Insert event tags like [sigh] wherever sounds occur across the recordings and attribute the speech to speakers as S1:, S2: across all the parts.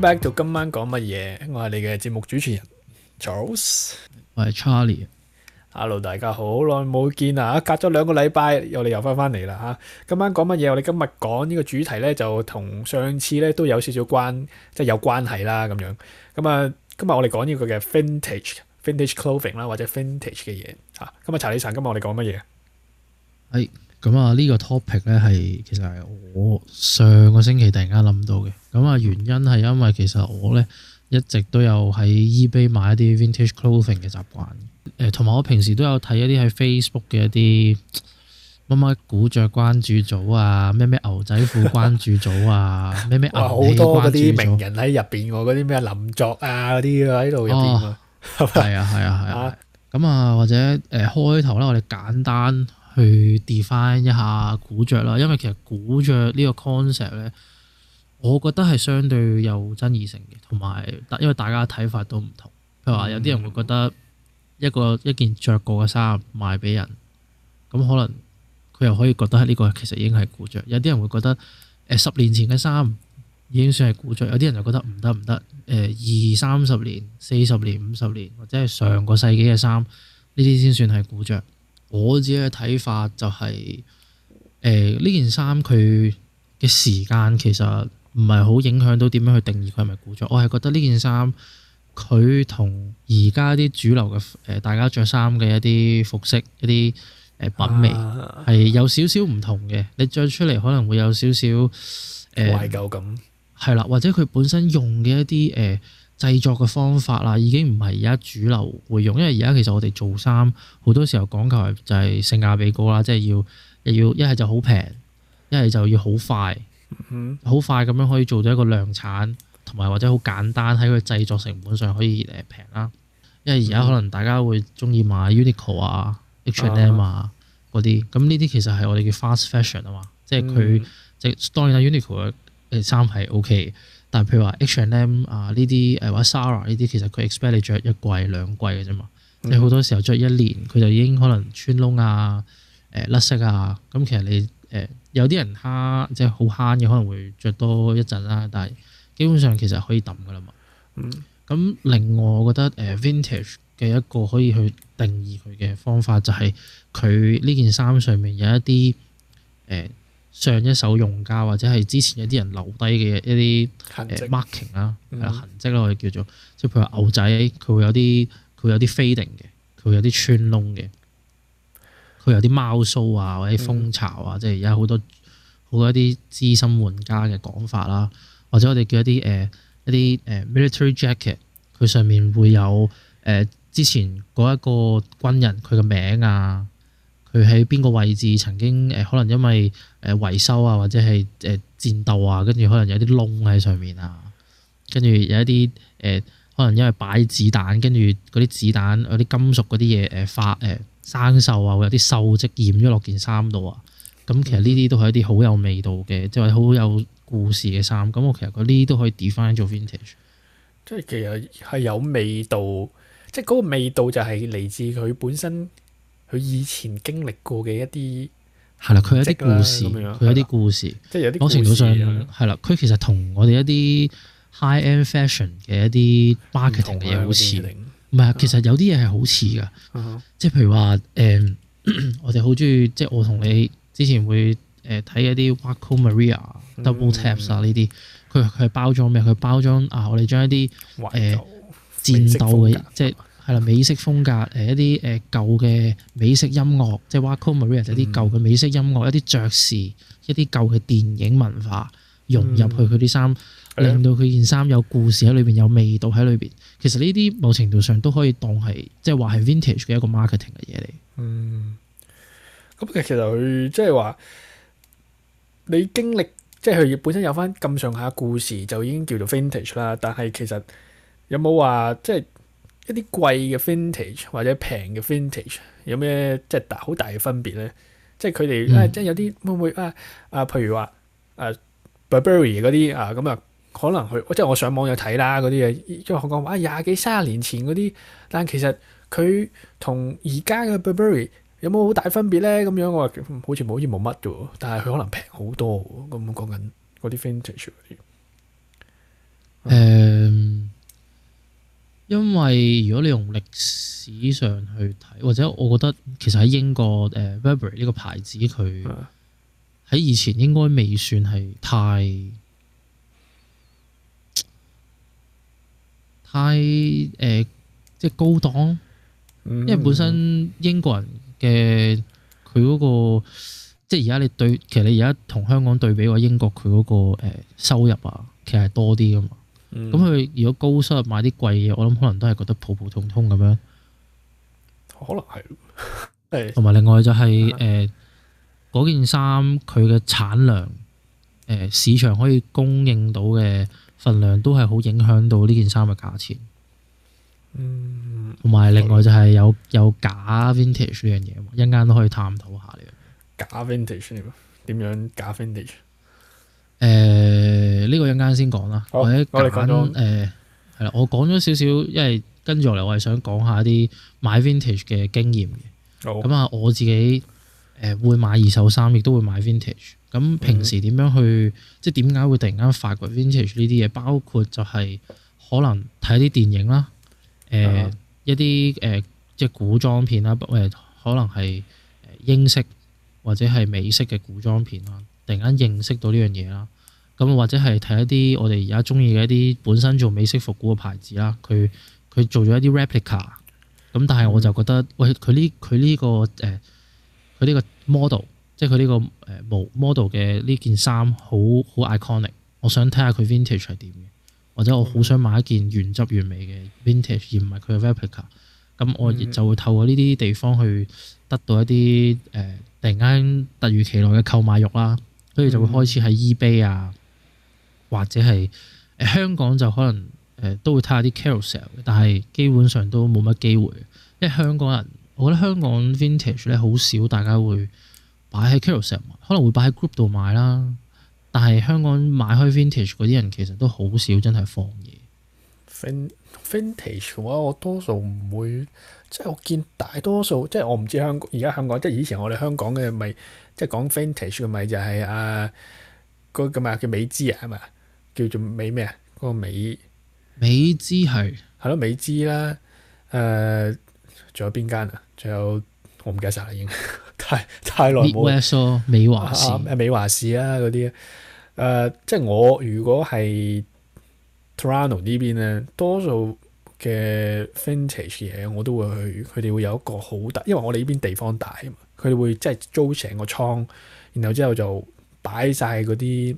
S1: Back to 今晚講乜嘢？我係你嘅節目主持人 Charles，
S2: 我係 Charlie。
S1: Hello，大家好，耐冇見啊！隔咗兩個禮拜，我哋又翻翻嚟啦吓。今晚講乜嘢？我哋今日講呢個主題咧，就同上次咧都有少少關，即係有關係啦咁樣。咁啊，今日我哋講呢個嘅 vintage，vintage clothing 啦，或者 vintage 嘅嘢。吓，今日查理生，今日我哋講乜嘢？
S2: 係。Hey. 咁啊，呢個 topic 呢係其實係我上個星期突然間諗到嘅。咁啊，原因係因為其實我呢一直都有喺 eBay 買一啲 vintage clothing 嘅習慣。誒，同埋我平時都有睇一啲喺 Facebook 嘅一啲乜乜古着關注組啊，咩咩牛仔褲關注組啊，咩咩。 [laughs] 哇！好多嗰啲名人
S1: 喺入邊個，嗰啲咩林作啊，嗰啲喺度
S2: 入邊啊。係啊，係啊，係啊。咁啊， [laughs] 或者誒、呃、開頭咧，我哋簡單。去 define 一下古着啦，因為其實古着呢個 concept 咧，我覺得係相對有爭議性嘅，同埋因為大家睇法都唔同。譬如話有啲人會覺得一個一件着過嘅衫賣俾人，咁可能佢又可以覺得呢個其實已經係古着，有啲人會覺得誒十年前嘅衫已經算係古着，有啲人就覺得唔得唔得，誒二三十年、四十年、五十年或者係上個世紀嘅衫呢啲先算係古着。我自己嘅睇法就係、是，誒、呃、呢件衫佢嘅時間其實唔係好影響到點樣去定義佢係咪古著。我係覺得呢件衫佢同而家啲主流嘅誒、呃、大家着衫嘅一啲服飾、一啲誒品味係有少少唔同嘅。啊、你着出嚟可能會有少少誒懷舊感，係啦，或者佢本身用嘅一啲誒。呃製作嘅方法啦，已經唔係而家主流會用，因為而家其實我哋做衫好多時候講求就係性價比高啦，即係要又要一係就好平，一係就要好快，好、mm hmm. 快咁樣可以做到一個量產，同埋或者好簡單喺佢製作成本上可以誒平啦。因為而家可能大家會中意買 Uniqlo 啊、mm、H&M 啊嗰啲，咁呢啲其實係我哋嘅 fast fashion 啊嘛，即係佢即係當然啦，Uniqlo 嘅衫係 OK。但譬如話 H and M 啊，呢啲、啊，或者 Zara 呢啲，其實佢 expect 你着一季兩季嘅啫嘛。你好、嗯、多時候着一年，佢就已經可能穿窿啊，誒、呃，甩色啊。咁其實你誒、呃、有啲人慳，即係好慳嘅可能會着多一陣啦。但係基本上其實可以抌噶啦嘛。咁、嗯、另外我覺得誒、呃、vintage 嘅一個可以去定義佢嘅方法就係佢呢件衫上面有一啲誒。呃上一手用家或者係之前有啲人留低嘅一啲 marking 啦，係啦痕跡咯，呃、痕跡我哋叫做、嗯、即係譬如話牛仔佢會有啲佢會有啲 fading 嘅，佢會有啲穿窿嘅，佢有啲貓鬚啊或者蜂巢啊，嗯、即係而家好多好多一啲資深玩家嘅講法啦、啊，或者我哋叫一啲誒、呃、一啲誒 military jacket，佢上面會有誒、呃、之前嗰一個軍人佢嘅名啊。佢喺邊個位置曾經誒可能因為誒維修啊或者係誒戰鬥啊，跟住可能有啲窿喺上面啊，跟住有一啲誒、呃、可能因為擺子彈，跟住嗰啲子彈嗰啲金屬嗰啲嘢誒發誒、呃、生鏽啊，會有啲鏽跡染咗落件衫度啊。咁其實呢啲都係一啲好有味道嘅，即係好有故事嘅衫。咁我其實嗰啲都可以 define 做 vintage。
S1: 即係其實係有味道，即係嗰個味道就係嚟自佢本身。佢以前經歷過嘅一啲係啦，佢有啲故事，佢有啲故事，即係有啲。某程度上係啦，佢
S2: 其實我市場市場市場同我哋一啲 high end fashion 嘅一啲 marketing 嘅嘢好似像，唔係啊，其實有啲嘢係好似㗎，即係譬如話誒，我哋好中意，即係我同你之前會誒睇一啲 Wacko Maria、Double Taps 啊呢啲，佢佢係包裝咩？佢包裝啊，我哋將一啲誒、啊、戰鬥嘅即係。啊啊美式風格，誒一啲誒舊嘅美式音樂，即係 Waco Maria，就一啲舊嘅美式音樂、嗯，一啲爵士，一啲舊嘅電影文化融入去佢啲衫，嗯、令到佢件衫有故事喺裏邊，有味道喺裏邊。其實呢啲某程度上都可以當係即係、就、話、是、係 vintage 嘅一個 marketing 嘅嘢嚟。
S1: 嗯，咁其實佢即係話，你經歷即係佢本身有返咁上下故事，就已經叫做 vintage 啦。但係其實有冇話即係？一啲貴嘅 vintage 或者平嘅 vintage 有咩即係大好大嘅分別咧？即係佢哋啊，即係有啲會唔會啊啊，譬如話啊 Burberry 嗰啲啊咁啊，可能佢即係我上網有睇啦嗰啲嘢，即係我講話廿幾卅年前嗰啲，但其實佢同而家嘅 Burberry 有冇好大分別咧？咁樣我話好似冇好似冇乜嘅，但係佢可能平好多，咁講緊嗰啲 vintage 啲。誒。
S2: 因為如果你用歷史上去睇，或者我覺得其實喺英國誒誒 Burberry 呢個牌子，佢喺以前應該未算係太太誒、呃、即係高檔，嗯、因為本身英國人嘅佢嗰個，即係而家你對其實你而家同香港對比嘅話，英國佢嗰、嗰個誒、呃、收入啊，其實係多啲噶嘛。咁佢、嗯、如果高收入買啲貴嘢，我諗可能都係覺得普普通通咁樣，
S1: 可能係。同 [laughs] 埋另外就係、是、誒，
S2: 嗰、 [laughs] 呃、件衫佢嘅產量，誒、呃，市場可以供應到嘅份量都係好影響到呢件衫嘅價錢。嗯，同埋另外就係有有假 vintage 呢樣嘢、嗯，一陣都可以探討下
S1: 嘅、這個。假 vintage 點樣？點樣假 vintage？誒、嗯。
S2: 呃呢個一陣間先講啦，或者講誒係啦，我講咗少少，因為跟住落嚟，我係想講下啲買 vintage 嘅經驗嘅。咁啊、哦，我自己誒、呃、會買二手衫，亦都會買 vintage。咁平時點樣去，嗯、即係點解會突然間發掘 vintage 呢啲嘢？包括就係可能睇啲電影啦，誒、呃啊、一啲誒、呃、即係古裝片啦，誒、呃、可能係英式或者係美式嘅古裝片啦，突然間認識到呢樣嘢啦。咁或者係睇一啲我哋而家中意嘅一啲本身做美式復古嘅牌子啦，佢佢做咗一啲 replica，咁但係我就覺得，喂佢呢佢呢個誒佢呢個 model，即係佢呢個誒 model 嘅呢件衫好好 iconic，我想睇下佢 vintage 係點嘅，或者我好想買一件原汁原味嘅 vintage 而唔係佢嘅 replica，咁我亦就會透過呢啲地方去得到一啲誒、呃、突然間突如其來嘅購買欲啦，跟住就會開始喺 eBay 啊～或者係誒香港就可能誒、呃、都會睇下啲 carousel，但係基本上都冇乜機會，因為香港人，我覺得香港 vintage 咧好少，大家會擺喺 carousel，可能會擺喺 group 度買啦。但係香港買開 vintage 嗰啲人其實都好少真，真係放嘢。
S1: vintage 嘅話，我多數唔會，即係我見大多數，即係我唔知香港而家香港，即係以前我哋香港嘅咪，即係講 vintage 嘅咪就係、是、啊、嗰個叫咩叫美姿啊嘛～、那個叫做美咩啊？嗰個美美姿係係咯美姿啦，誒，仲有邊間啊？仲有我唔記得晒啦，已經太太耐冇。美華士，美華士啊嗰啲，誒，即係我如果係 Toronto 呢邊咧，多數嘅 Vintage 嘢我都會去，佢哋會有一個好大，因為我哋呢邊地方大啊嘛，佢哋會即係租成個倉，然後之後就擺晒嗰啲。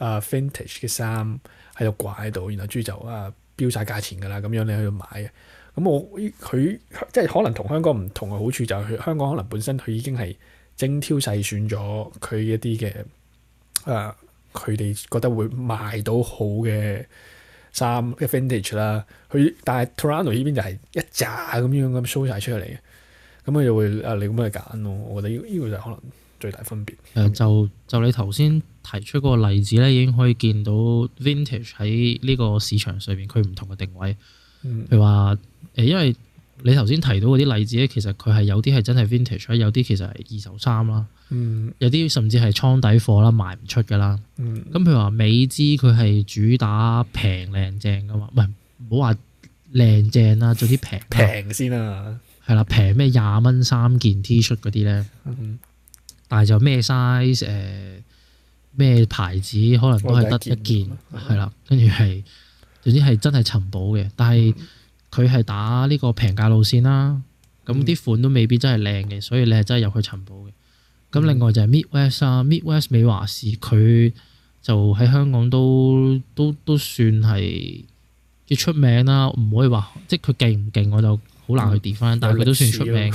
S1: 啊、uh,，vintage 嘅衫喺度掛喺度，然後豬就啊標晒價錢㗎啦，咁樣你喺度買嘅。咁、嗯、我佢即係可能同香港唔同嘅好處就係、是，香港可能本身佢已經係精挑細選咗佢一啲嘅啊，佢、uh, 哋覺得會賣到好嘅衫嘅 vintage 啦。佢但係 Toronto 呢邊就係一扎咁樣咁 show 晒出嚟嘅，咁、嗯、佢就會啊你咁樣去揀咯。我覺得呢、這、呢、個這個就可能。最大分
S2: 別誒就就你頭先提出個例子咧，已經可以見到 vintage 喺呢個市場上面佢唔同嘅定位。嗯。譬如話誒，因為你頭先提到嗰啲例子咧，其實佢係有啲係真係 vintage，有啲其實係二手衫啦。嗯。有啲甚至係倉底貨啦，賣唔出㗎啦。咁、嗯、譬如話美姿，佢係主打平靚正㗎嘛，唔好話靚正啦，做啲平平先
S1: 啦，
S2: 係啦，平咩廿蚊三件 T 恤嗰啲咧。但係就咩 size 誒、呃、咩牌子，可能都係得一件，係啦。了嗯、跟住係總之係真係尋寶嘅，但係佢係打呢個平價路線啦、啊。咁啲款都未必真係靚嘅，所以你係真係入去尋寶嘅。咁另外就係 m e e t w e s t 啊 Midwest 美華士佢就喺香港都都都算係幾出名啦。唔可以話即係佢勁唔勁，我就好難去 definition，但係佢都算出名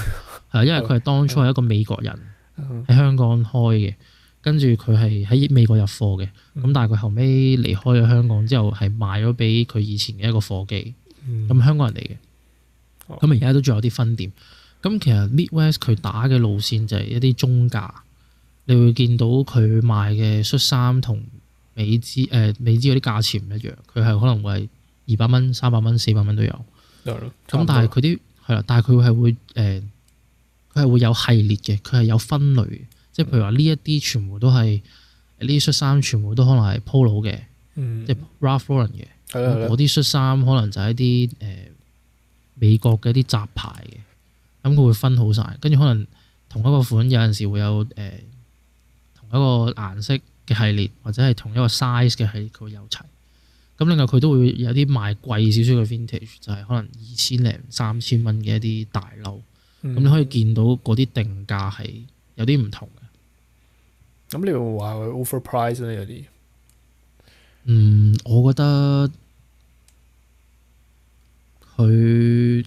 S2: 係，因為佢係當初係一個美國人，喺香港開嘅，跟住佢係喺美國入貨嘅，咁但係佢後尾離開咗香港之後，係賣咗俾佢以前嘅一個夥記，咁、嗯、香港人嚟嘅，咁而家都仲有啲分店。咁其實 Midwest 佢打嘅路線就係一啲中價，你會見到佢賣嘅恤衫同美姿誒、呃、美姿嗰啲價錢唔一樣，佢係可能會係二百蚊、三百蚊、四百蚊都有。
S1: 咁但係佢
S2: 啲係啦，但係佢係會誒。呃佢係會有系列嘅，佢係有分類即係譬如話呢一啲全部都係呢恤衫，全部都可能係 Polo 嘅，嗯、即係 Ralph Lauren 嘅。我啲恤衫可能就係一啲誒、呃、美國嘅一啲雜牌嘅，咁佢會分好晒。跟住可能同一個款，有陣時會有誒、呃、同一個顏色嘅系列，或者係同一個 size 嘅系列，佢會有齊。咁另外佢都會有啲賣貴少少嘅 vintage，就係可能二千零三千蚊嘅一啲大褸。咁、嗯、你可以見到嗰啲定價係有啲唔同嘅。
S1: 咁你有冇會話佢 overprice 咧，有啲？
S2: 嗯，我覺得佢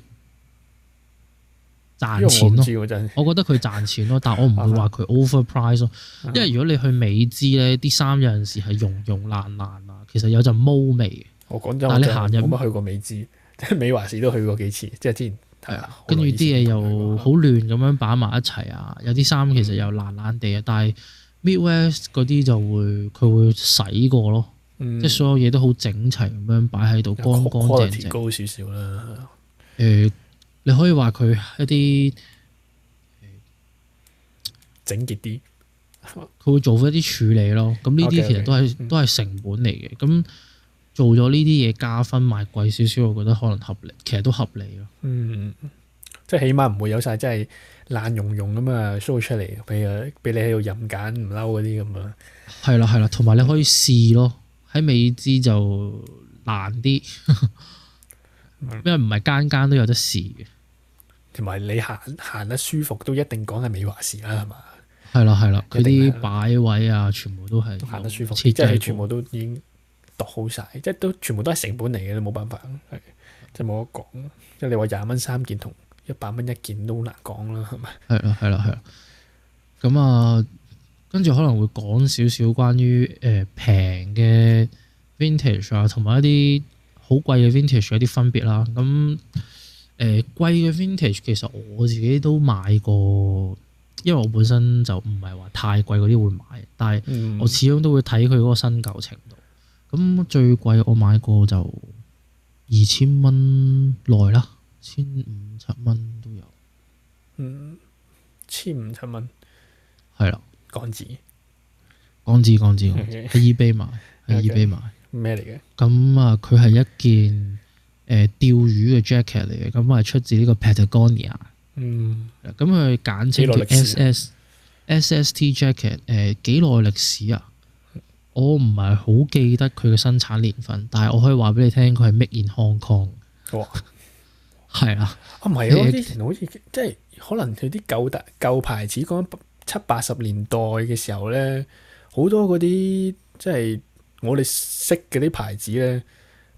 S2: 賺錢咯。我， [laughs] 我覺得佢賺錢咯，但係我唔會話佢 overprice 咯。 [laughs] 因為如果你去美資咧，啲衫有陣時係融融爛爛啊，其實有陣毛味。我講真，我真係冇乜去
S1: 過美資，即係 [laughs] 美華士都去過幾次，即、就、係、是、之前。
S2: 係啊，跟住啲嘢又好亂咁樣擺埋一齊啊，有啲衫其實又爛爛地啊，嗯、但係 Midwest 嗰啲就會佢會洗過咯，嗯、即係所有嘢都好整齊咁樣擺喺度，嗯、乾乾淨淨。
S1: 高少少啦，
S2: 誒對，對你可以話佢一啲
S1: 整潔啲，
S2: 佢、嗯、會做一啲處理咯。咁呢啲其實都係都係成本嚟嘅，咁、嗯。嗯做咗呢啲嘢加分賣貴少少，我覺得可能合理，其實都合理咯。嗯，
S1: 嗯即係起碼唔會有晒即係爛茸茸咁啊 show 出嚟，譬如俾你喺度任揀唔嬲嗰啲咁啊。
S2: 係啦係啦，同埋你可以試咯，喺美知就難啲，
S1: [laughs] 因為
S2: 唔係間間都試、嗯、有得試。
S1: 同埋你行行得舒服，都一定講係美華事啦，係嘛即
S2: 是？係啦係啦，佢啲擺位啊，全部都係行得舒服，即係全
S1: 部都已經。度好晒，即係都全部都係成本嚟嘅，你冇辦法，係即係冇得講。即係你話廿蚊三件同一百蚊一件都好難講啦，係咪？
S2: 係啦，係啦，係啦。咁啊，跟住可能會講少少關於誒平、呃、嘅 vintage 啊，同埋一啲好貴嘅 vintage 有啲分別啦。咁誒貴、呃、嘅 vintage 其實我自己都買過，因為我本身就唔係話太貴嗰啲會買，但係我始終都會睇佢嗰個新舊程度。嗯咁最貴我買過就二千蚊內啦，千五七蚊都有。嗯，
S1: 千五七蚊，
S2: 係啦了幣，港紙。港紙港紙港紙，喺 eBay 買，喺 eBay 買咩嚟嘅？咁啊、嗯，佢係一件誒、呃、釣魚嘅 jacket 嚟嘅，咁啊出自呢個 Patagonia。嗯，咁佢簡稱叫 SST s, S, s jacket，誒幾耐歷史啊？我唔係好記得佢嘅生產年份，但係我可以話俾你聽，佢係 Make in Hong Kong。係
S1: 哇 [laughs] 啊，唔係啊？之、啊、前好似是即係可能佢啲舊特舊牌子，講七八十年代嘅時候咧，好多嗰啲即係我哋識嘅啲牌子咧，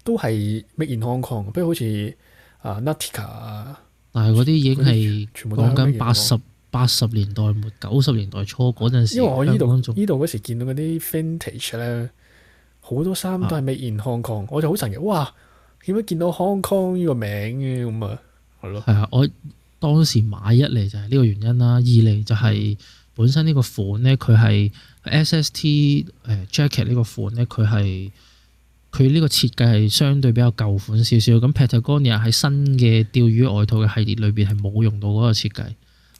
S1: 都係 Make in, in Hong Kong。不如好似啊 Nutica，
S2: 但係嗰啲已經係全部講緊八十。八十年代末九十年代初嗰陣時，因為我呢
S1: 度依度嗰時見到嗰啲 vintage 咧，好多衫都係 made in Hong Kong，、啊、我就好神奇，哇點解見,見到 Hong Kong 呢個名嘅咁啊？係、嗯、咯，
S2: 係啊，我當時買一嚟就係呢個原因啦。二嚟就係本身呢個款咧，佢係 S S T 誒、呃、jacket 呢個款咧，佢係佢呢個設計係相對比較舊款少少。咁 Patagonia 喺新嘅釣魚外套嘅系列裏邊係冇用到嗰個設計。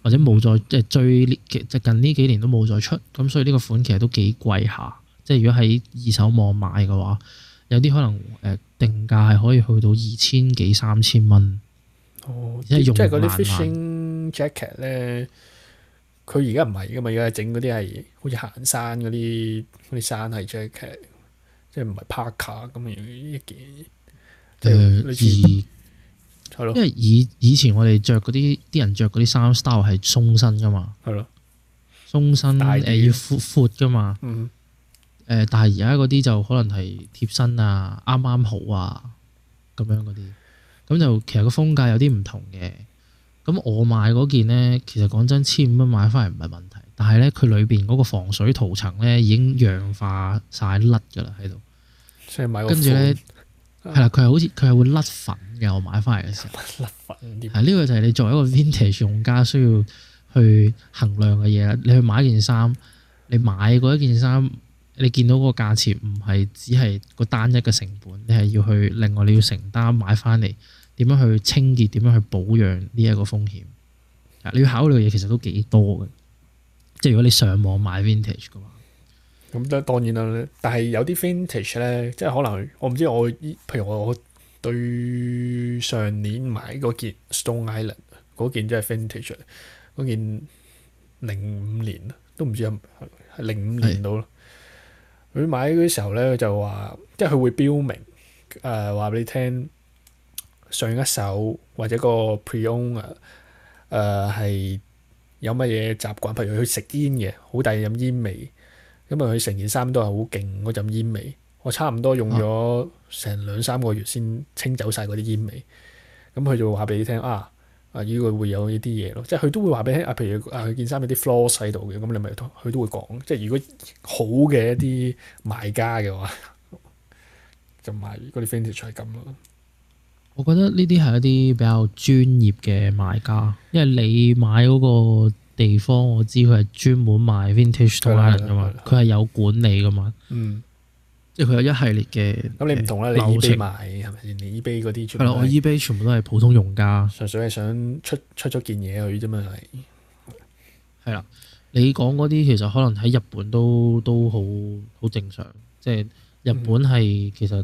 S2: 或者冇再即係最呢即近呢幾年都冇再出，咁所以呢個款其實都幾貴下。即係如果喺二手網買嘅話，有啲可能誒定價係可以去到二千幾三千蚊。哦，
S1: 一用漫漫即係嗰啲 fishing jacket 咧，佢而家唔係噶嘛，而家整嗰啲係好似行山嗰啲嗰啲山系 jacket，即係唔係 parka 咁、er、樣一件。誒、呃，而 [laughs] 因為以
S2: 以前我哋着嗰啲啲人着嗰啲衫 style 係鬆身噶嘛，係
S1: 咯的，
S2: 鬆身誒、呃、要闊闊噶嘛，誒、嗯呃、但係而家嗰啲就可能係貼身啊，啱啱好啊，咁樣嗰啲，咁就其實個風格有啲唔同嘅。咁我買嗰件咧，其實講真，千五蚊買翻嚟唔係問題，但係咧佢裏邊嗰個防水塗層咧已經氧化晒甩噶啦喺度，
S1: 所以買跟住咧。係啦，
S2: 佢係好似佢係會甩粉嘅。我買翻嚟嘅時候，甩粉點？係呢個就係你作為一個 vintage 用家需要去衡量嘅嘢啦。你去買一件衫，你買嗰一件衫，你見到嗰個價錢唔係只係個單一嘅成本，你係要去另外你要承擔買翻嚟點樣去清潔、點樣去保養呢一個風險。你要考慮嘅嘢其實都幾多嘅，即係如果你上網買 vintage 嘅話。
S1: 咁都當然啦，但係有啲 vintage 咧，即係可能我唔知我譬如我對上年買嗰件 Stone Island 嗰件真係 vintage，嗰件零五年都唔知係係零五年到啦。佢是買嗰時候咧就話，即係佢會標明誒，話俾你聽上一手或者個 pre-owner 誒、呃、係有乜嘢習慣，譬如佢食煙嘅，好大陣煙味。咁啊，佢成件衫都係好勁嗰陣煙味，我差唔多用咗成兩三個月先清走晒嗰啲煙味。咁佢就話俾你聽啊，啊、這、呢個會有呢啲嘢咯，即係佢都會話俾你聽啊。譬如啊，件衫有啲 flaw 喺度嘅，咁你咪，佢都會講。即係如果好嘅一啲賣家嘅話，就賣嗰啲 vintage 係咁咯。
S2: 我覺得呢啲係一啲比較專業嘅買家，因為你買嗰、那個。地方我知佢係專門賣 vintage toiler 噶嘛，佢係有管理噶嘛，嗯，即係佢有一系列嘅。咁你唔同啦，你 ebay 買係咪？
S1: 你 ebay 嗰啲係啦，我 ebay
S2: 全部都係普通用家，
S1: 純粹係想出出咗件嘢去啫嘛，係
S2: 係啦。你講嗰啲其實可能喺日本都都好好正常，即係日本係，嗯，其實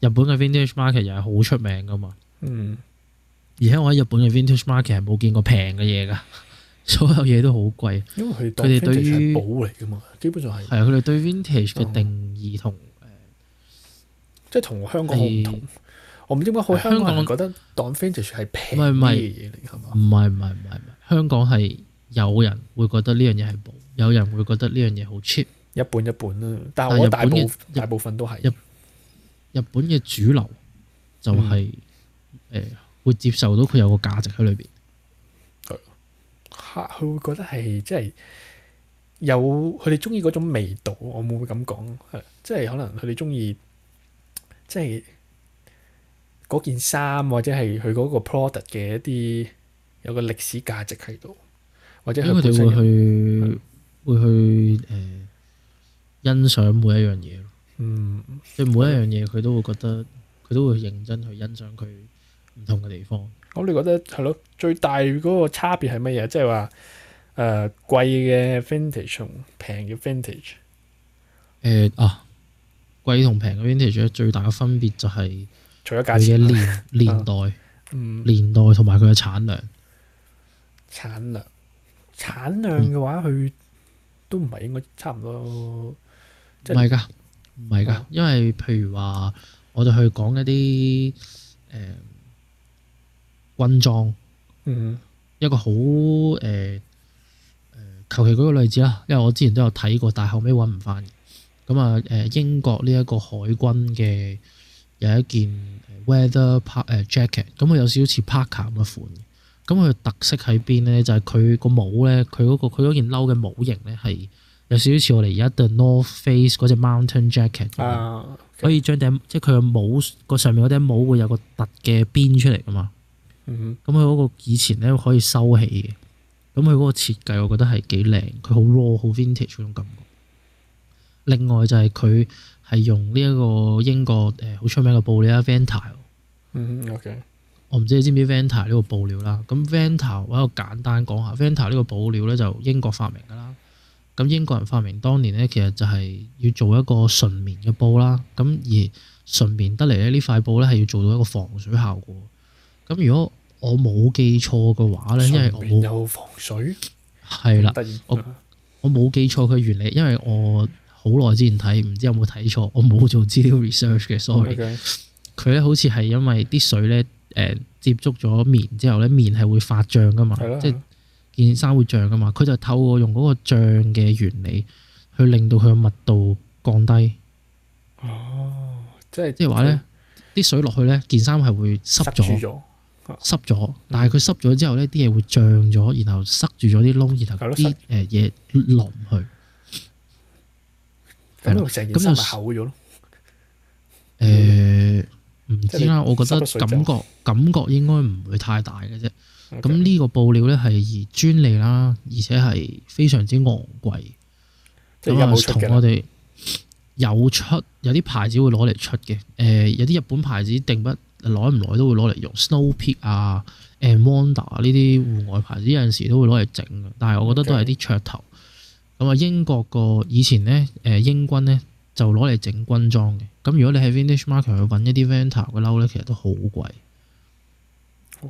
S2: 日本嘅 vintage market 又係好出名噶嘛。嗯，而且我喺日本嘅 vintage market 係冇見過平嘅嘢噶。所有嘢都好貴，因為佢佢哋對於寶嚟
S1: 噶嘛，基本上係係啊，
S2: 佢哋對 vintage 嘅定義同誒，
S1: 即係同香港唔
S2: 同。
S1: 我唔知點解，我香港覺得當 vintage 係平啲嘅嘢嚟，係
S2: 嘛？唔係唔係唔係唔係，香港係有人會覺得呢樣嘢係寶，有人會覺得呢樣嘢好 cheap，
S1: 一半一半啦。但係日本大部分都係
S2: 日本嘅主流就係誒會接受到佢有個價值喺裏邊。
S1: 啊！佢會覺得係即係有佢哋中意嗰種味道，我冇咁講，即係可能佢哋中意即係嗰件衫或者係佢嗰個 product 嘅一啲有個歷史價值喺度，或者佢哋會去
S2: 會去誒的、呃、欣賞每一樣嘢。嗯，即係每一樣嘢佢都會覺得佢都會認真去欣賞佢唔同嘅地方。
S1: 咁你覺得係咯？最大嗰個差別係乜嘢？即係話誒貴嘅 vintage 同平嘅 vintage 誒、
S2: 呃、啊貴同平嘅 vintage 最大嘅分別就係除咗價錢嘅年、啊、年代、啊嗯、年代同埋佢嘅產量
S1: 產量產量嘅話，佢都唔係應該差唔多，即係唔係
S2: 㗎唔係㗎，因為譬如話我哋去講一啲誒。嗯軍裝，一個好誒誒，求其舉個例子啦，因為我之前都有睇過，但後尾揾唔翻。咁啊誒，英國呢一個海軍嘅有一件 weather p、啊、jacket，咁佢有少少似 parka 咁嘅款。咁佢特色喺邊咧？就係佢個帽咧，佢嗰個佢嗰件褸嘅帽型咧係有少少似我哋而家對 north face 嗰隻 mountain jacket、啊。可以將頂即係佢個帽個上面嗰頂帽會有個凸嘅邊出嚟㗎嘛？咁佢嗰個以前咧可以收起嘅，咁佢嗰個設計我覺得係幾靚，佢好 raw 好 vintage 嗰種感覺。另外就係佢係用呢一個英國誒好出名嘅布料 Ventile。OK 我唔知你知唔知 Ventile 呢個布料啦。咁 Ventile 我一我簡單講下 [laughs] Ventile 呢個布料咧就英國發明噶啦。咁英國人發明當年咧其實就係要做一個純棉嘅布啦。咁而純棉得嚟咧呢塊布咧係要做到一個防水效果。咁如果我冇記錯嘅話呢，因為我冇
S1: 防水係啦的，我
S2: 我冇記錯佢原理，因為我好耐之前睇，唔知有冇睇錯，我冇做資料 research 嘅，sorry。佢咧 Okay. 好似係因為啲水呢誒接觸咗棉之後呢，棉係會發脹噶嘛，即係件衫會脹噶嘛。佢就透過用嗰個脹嘅原理去令到佢密度降低。
S1: 哦，
S2: 即係即係話咧，啲是是水落去呢件衫係會濕咗。濕咗，但係佢濕咗之後呢啲嘢會脹咗，然後塞住咗啲窿，然後啲誒嘢落唔去，
S1: 咁就成件衫咪厚咗咯。
S2: 誒、嗯，唔、嗯、知啦，我覺得感覺後感覺應該唔會太大嘅啫。咁呢 okay, 個布料咧係專利啦，而且係非常之昂貴，
S1: 咁啊同我哋
S2: 有出有啲牌子會攞嚟出嘅，誒、呃，有啲日本牌子定不？耐唔耐都會攞嚟用，Snow Peak 啊、and wander 啊、呢啲戶外牌子，有陣時都會攞嚟整嘅。但係我覺得都係啲噱頭。咁啊，英國個以前呢，誒英軍呢，就攞嚟整軍裝嘅。咁如果你喺 Vintage Market 去揾一啲 Venta 嘅褸呢，其實都好貴，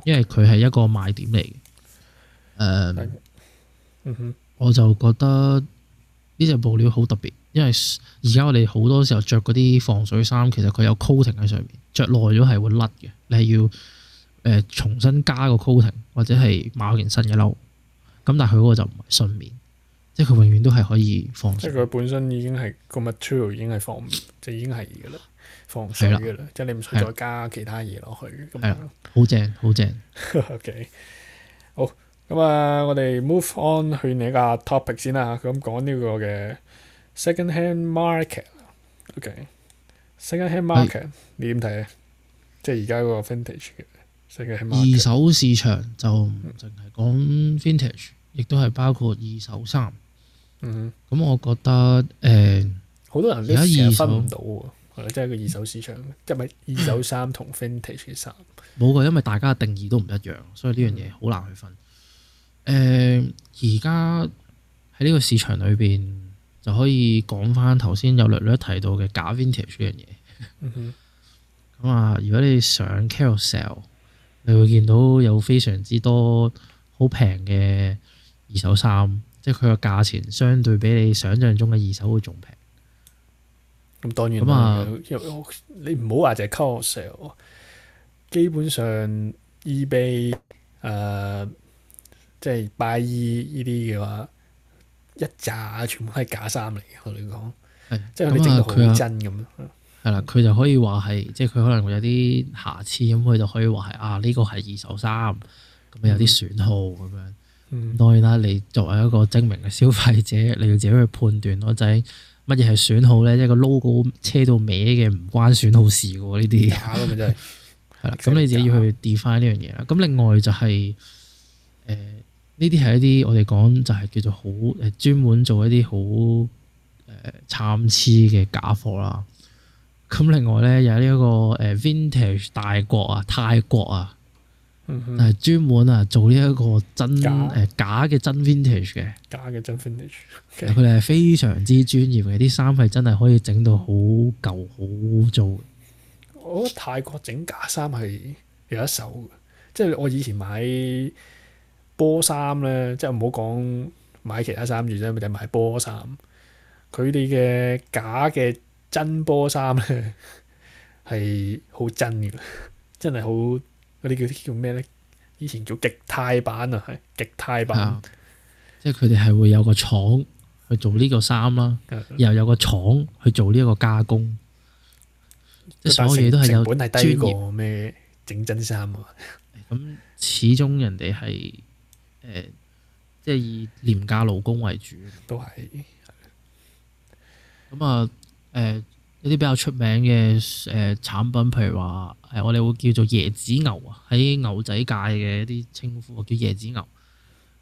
S2: 因為佢係一個賣點嚟嘅。嗯、Okay. 我就覺得呢隻布料好特別。因為而家我哋好多時候着嗰啲防水衫，其實佢有 coating 喺上面着耐咗係會甩嘅。你係要誒、呃、重新加個 coating，或者係買件新嘅褸。咁但係佢嗰個就唔係順面，即係佢永遠都係可以防。即係
S1: 佢本身已經係個 material 已經係防，就已經係噶啦防水噶啦，了即係你唔使再加其他嘢落去。係好正，好正樣。 [laughs] OK，好咁啊，我哋 move on 去 to 你個 topic 先啦。吓咁講呢個嘅。second hand market，OK，second hand market，,、okay. hand market 是你點睇？即係而家嗰個 vintage 嘅 second hand market。二
S2: 手市場就唔淨係講 vintage，、嗯、亦都係包括二手衫。嗯。咁我覺得誒，好、呃、多人而家二手分唔
S1: 到喎，係咪真係個二手市場？即係咪二手衫同 vintage 嘅衫？
S2: 冇噶，因為大家嘅定義都唔一樣，所以呢樣嘢好難去分。誒、嗯，而家喺呢個市場裏邊。就可以講翻頭先有略略提到嘅假 vintage 呢樣嘢。咁 [laughs] 啊、嗯哼，如果你上 Carousell，你會見到有非常之多好平嘅二手衫，即係佢個價錢相對比你想象中嘅二手會仲平。
S1: 咁、嗯、哼當然啦，啊、你唔好話就係 Carousell，基本上 eBay，誒，即係 Buyee 呢啲嘅話。一紮全部係假衫嚟嘅，我嚟講，即係佢真好真咁
S2: 係啦，佢就可以話係，即係佢可能會有啲瑕疵，咁佢就可以話係啊，呢個係二手衫，咁啊有啲損耗咁樣。當然啦，你作為一個精明嘅消費者，你要自己去判斷咯，仔乜嘢係損耗咧？即係個 logo 車到歪嘅，唔關損耗事嘅喎，呢啲假咯，咪真係，啦，咁你自己要去 define 呢樣嘢啦。咁另外就係誒。呢啲係一啲我哋講就係叫做好誒專門做一啲好誒參差嘅假貨啦。咁另外咧有呢、這、一個誒、呃、vintage 大國啊，泰國啊，係、嗯、哼專門啊做呢一個真誒假嘅真 vintage 嘅。假嘅真 vintage。其實佢哋係非常之專業嘅，啲衫係真係可以整到好舊好污糟。我
S1: 覺得泰國整假衫係有一手，即係我以前買。波衫咧，即係唔好講買其他衫住啫，咪就買波衫。佢哋嘅假嘅真波衫咧，係好真嘅，真係好嗰啲叫叫咩咧？以前叫做極泰版啊，係極泰版，版
S2: 即係佢哋係會有個廠去做呢個衫啦，的又有個廠去做呢一個加工，的即係所有都係成本係低過
S1: 咩整真衫。咁
S2: 始終人哋係。誒，即係以廉價勞工為主，都係咁啊。誒、呃，一啲比較出名嘅誒、呃、產品，譬如話誒、呃，我哋會叫做椰子牛啊，喺牛仔界嘅一啲稱呼叫椰子牛。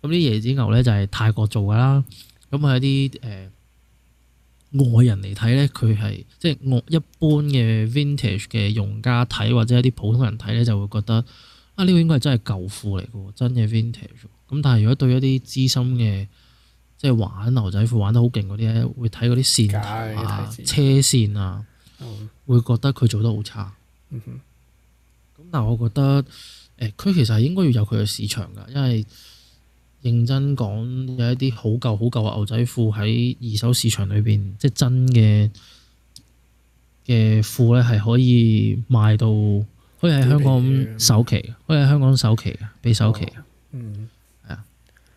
S2: 咁啲椰子牛咧就係、是、泰國做噶啦。咁一啲誒、呃、外人嚟睇咧，佢係即係我一般嘅 vintage 嘅用家睇或者一啲普通人睇咧，就會覺得啊，呢、這個應該係真係舊褲嚟嘅，真嘅 vintage。咁但係如果對一啲資深嘅，即係玩牛仔褲玩得好勁嗰啲咧，會睇嗰啲線頭啊、車線啊，嗯、會覺得佢做得好
S1: 差。
S2: 嗯、哼但我覺得，佢、欸、其實係應該要有佢嘅市場㗎，因為認真講，有一啲好舊好舊嘅牛仔褲喺二手市場裏邊，即係真嘅嘅褲咧，係可以賣到可以喺香港首期，可以喺香港首期嘅，俾首期嘅。哦嗯。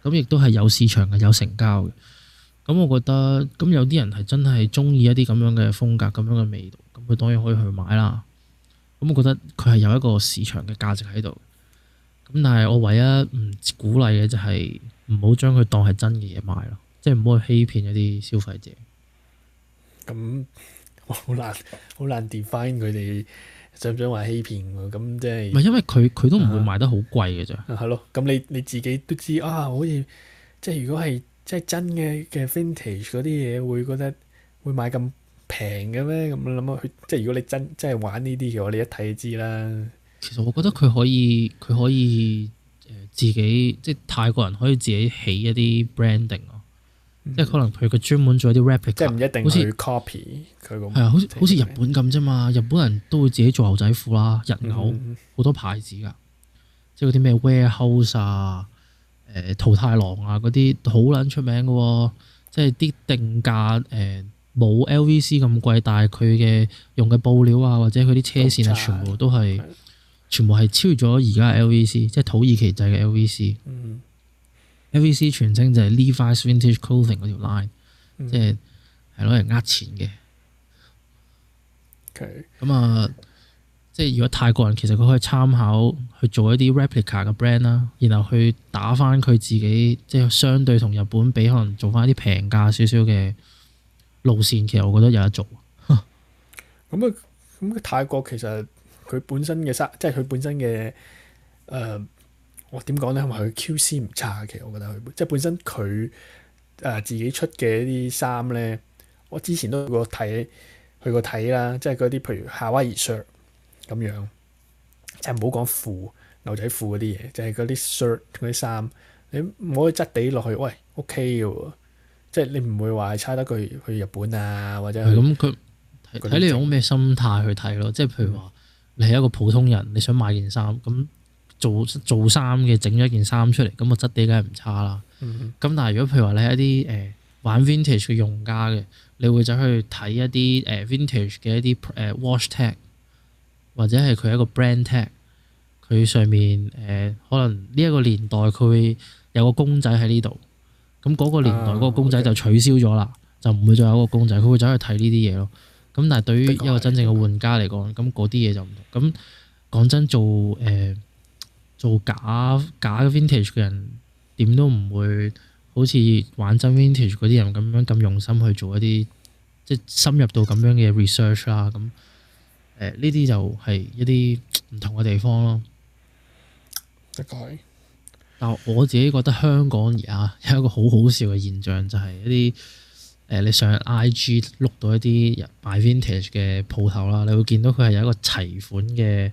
S2: 咁亦都係有市場嘅，有成交嘅。咁我覺得，咁有啲人係真係中意一啲咁樣嘅風格，咁樣嘅味道，咁佢當然可以去買啦。咁我覺得佢係有一個市場嘅價值喺度。咁但係我唯一唔鼓勵嘅就係唔好將佢當係真嘅嘢買咯，即係唔好去欺騙一啲消費者。
S1: 咁我好那 [laughs] 難，好難 define 佢哋。想唔想話欺騙喎？咁即係唔係
S2: 因為佢，佢都唔會
S1: 賣得好貴嘅啫。係咯、啊，咁你，你自己都知啊，好似即係如果係即係真嘅嘅 vintage 嗰啲嘢，會覺得會買咁平嘅咩？咁你諗下，即係如果你真真係玩呢啲嘅，我哋一睇就知啦。
S2: 其實我覺得佢可以佢可以誒自己、呃、自己即係泰國人可以自己起一啲 branding。嗯、即係可能，譬如佢專門做一啲 replica 即係唔一定係
S1: copy 佢咁像。係啊，好似好似日
S2: 本咁啫嘛，嗯、日本人都會自己做牛仔褲啦，人偶好、嗯、多牌子噶，即係嗰啲咩 Warehouse 啊、誒桃太郎啊嗰啲，好撚出名嘅喎、哦。即係啲定價誒冇、呃、LVC 咁貴，但係佢嘅用嘅布料啊，或者佢啲車線啊，嗯嗯、全部都係全部係超越咗而家 LVC，即係土耳其製嘅 LVC、嗯。LVC 全稱就係 Levi's Vintage Clothing 嗰條 line，即係攞嚟呃錢嘅。咁 Okay, 啊，即係如果泰國人其實佢可以參考去做一啲 replica 嘅 brand 啦，然後去打返佢自己，即係相對同日本比，可能做返一啲平價少少嘅路線。其實我覺得有得做。
S1: 咁 [laughs] 啊，咁泰國其實佢本身嘅即係佢本身嘅誒。呃我點講咧？係咪佢 QC 唔差嘅。其實我覺得佢即係本身佢誒、啊、自己出嘅一啲衫咧，我之前都有過睇，去過睇啦，即係嗰啲譬如夏威夷 shirt 咁樣，即係唔好講褲牛仔褲嗰啲嘢，就係嗰啲 shirt 嗰啲衫，你唔摸個質地落去，喂 OK 嘅喎，即係你唔會話係差得佢去日本啊或者去咁佢睇你用
S2: 咩心態去睇咯？即係譬如話、嗯、你係一個普通人，你想買件衫咁。做做衫嘅整咗一件衫出嚟，咁、個質地梗係唔差啦。咁、mm hmm. 但係如果譬如話你係一啲誒、呃、玩 vintage 嘅用家嘅，你會走去睇一啲誒、呃、vintage 嘅一啲誒、呃、wash tag 或者係佢一個 brand tag，佢上面誒、呃、可能呢一個年代佢會有個公仔喺呢度，咁嗰個年代嗰個公仔就取消咗啦，啊 okay. 就唔會再有個公仔，佢會走去睇呢啲嘢咯。咁但係對於一個真正嘅玩家嚟講，咁嗰啲嘢就唔同。咁講真做誒。呃做假假嘅 vintage 嘅人點都唔會好似玩真 vintage 嗰啲人咁樣咁用心去做一啲即係深入到咁樣嘅 research 啦，咁誒呢啲就係一啲唔同嘅地方咯，的 [noise] 但我自己覺得香港而家有一個好好笑嘅現象，就係一啲誒、呃、你上 IG 碌到一啲人買 vintage 嘅鋪頭啦，你會見到佢係有一個齊款嘅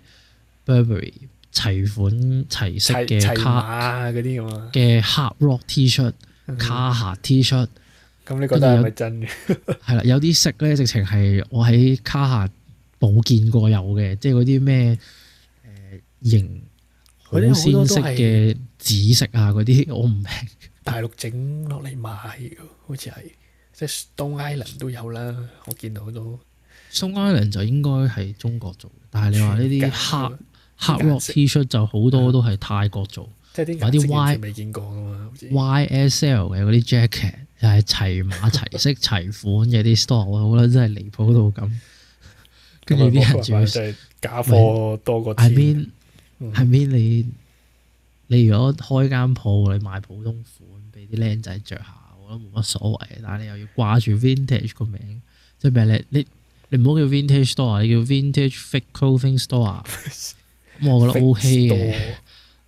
S2: Burberry。齊款齊色嘅卡
S1: 嗰啲咁啊嘅
S2: 黑 rock T shirt, s h i r t 卡下 T s h i r t
S1: 咁你覺得係咪真嘅？
S2: 係啦有， [laughs] 有啲色咧，直情係我喺卡下冇見過有嘅，即係嗰啲咩誒型好鮮色嘅紫，紫色啊，嗰啲我唔明。
S1: 大陸整落嚟賣，好似係即係 Stone Island 都有啦，我見到好多
S2: Stone Island 就應該係中國做，但係你話呢啲黑黑 rock t 恤就好多都係泰國做，買啲、嗯、Y 未見過啊嘛，YSL 嘅嗰啲 jacket 又係齊碼 [laughs] 齊色齊款嘅啲 store，我覺得真係離譜到咁。跟住啲人著即係假貨多過。I mean 係 mean 你你，如果開間鋪你買普通款俾啲靚仔着下，我覺得冇乜所謂，但係你又要掛住 vintage 個名，即係譬如你你你唔好叫 vintage store，你叫 vintage fake clothing store [laughs] 咁我覺得 O K 嘅，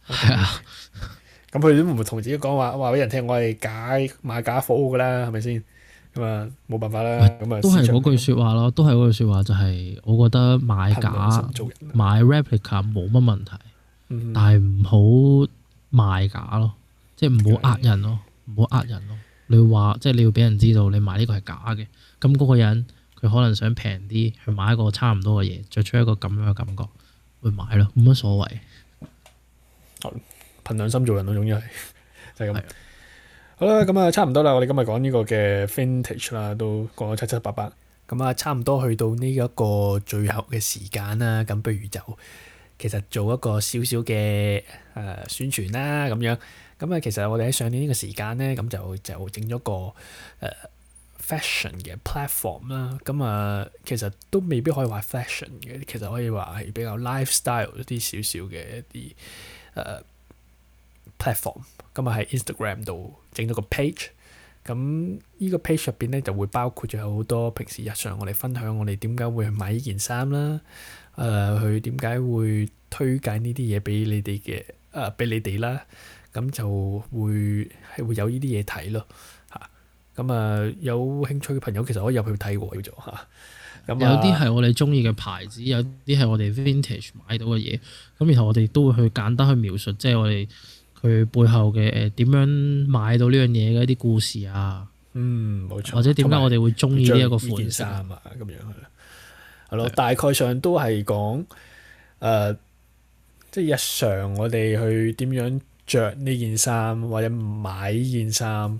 S2: 係啊，
S1: 咁佢都唔會同自己講話，話俾人聽我係假買假貨噶啦，係咪先？咁啊，冇辦法啦，咁啊，都係嗰句
S2: 說話咯，都係嗰句說話就係，我覺得買假買 replica 冇乜問題，但係唔好賣假咯，即係唔好呃人咯，唔好呃人咯。你話即係你要俾人知道你買呢個係假嘅，咁嗰個人佢可能想平啲去買一個差唔多嘅嘢，作出一個咁樣嘅感覺。去買咯，冇乜所謂。
S1: 憑、哦、良心做人咯，總之係就係、是、咁。是好啦，咁啊差唔多啦，我哋今日講呢個嘅 Vintage 啦，都講咗七七八八。咁啊，差唔多去到呢一個最後嘅時間啦。咁不如就其實做一個少少嘅誒宣傳啦，咁樣。咁啊，其實我哋喺上年呢個時間咧，咁就就整咗個誒。呃 fashion 嘅 platform 啦，咁啊其實都未必可以話 fashion 嘅，其實可以話係比較 lifestyle 一啲少少嘅一啲誒、呃、platform，咁啊喺 Instagram 度整咗個 page，咁呢個 page 入邊咧就會包括咗好多平時日常我哋分享我，我哋點解會去買呢件衫啦，誒佢點解會推介呢啲嘢俾你哋嘅誒俾你哋啦，咁就會係會有呢啲嘢睇咯。咁啊，有興趣嘅朋友其實可以入去睇過，叫做吓，咁有啲係
S2: 我哋中意嘅牌子，有啲係我哋 Vintage 買到嘅嘢。咁然後我哋都會去簡單去描述，即係我哋佢背後嘅誒點樣買到呢樣嘢嘅一啲故事啊。
S1: 嗯，冇錯。或者點解我哋會中意呢一個款式衫啊？咁樣係咯，吧大概上都係講誒，即、呃、係、就係、日常我哋去點樣着呢件衫或者買呢件衫。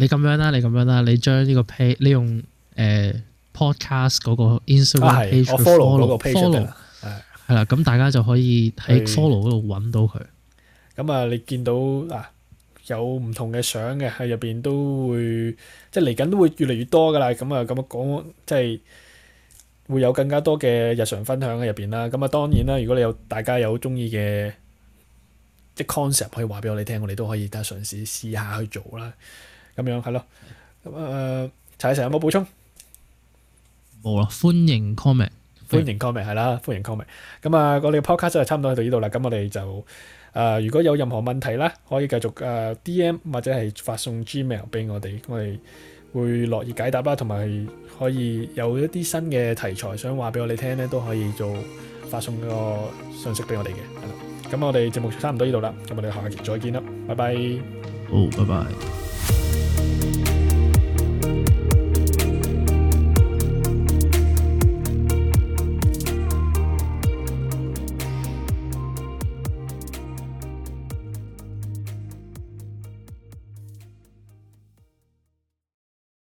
S2: 你咁樣啦，你咁樣啦，你將呢個 pay，你用誒、呃、podcast 嗰個 Instagram page follow，follow 係啦，咁大家就可以喺 follow 嗰度揾到佢。
S1: 咁啊，你見到嗱、啊、有唔同嘅相嘅喺入邊都會，即係嚟緊都會越嚟越多噶啦。咁啊，咁啊講即係會有更加多嘅日常分享喺入邊啦。咁啊，當然啦，如果你有大家有中意嘅即 concept，可以話俾我哋聽，我哋都可以得嘗試試下去做啦。咁樣係咯，咁誒、柴、呃、成有冇補充？
S2: 冇啊，歡迎 comment，歡迎
S1: comment 係啦，歡迎 comment。咁啊，我哋嘅 podcast 就差唔多去到呢度啦。咁我哋就誒、呃，如果有任何問題咧，可以繼續誒 DM 或者係發送 Gmail 俾我哋，我哋會樂意解答啦。同埋可以有一啲新嘅題材想話俾我哋聽咧，都可以做發送個信息俾我哋嘅。係啦，咁我哋節目差唔多呢度啦，咁我哋下期再見啦，拜拜。
S2: 好、哦，拜拜。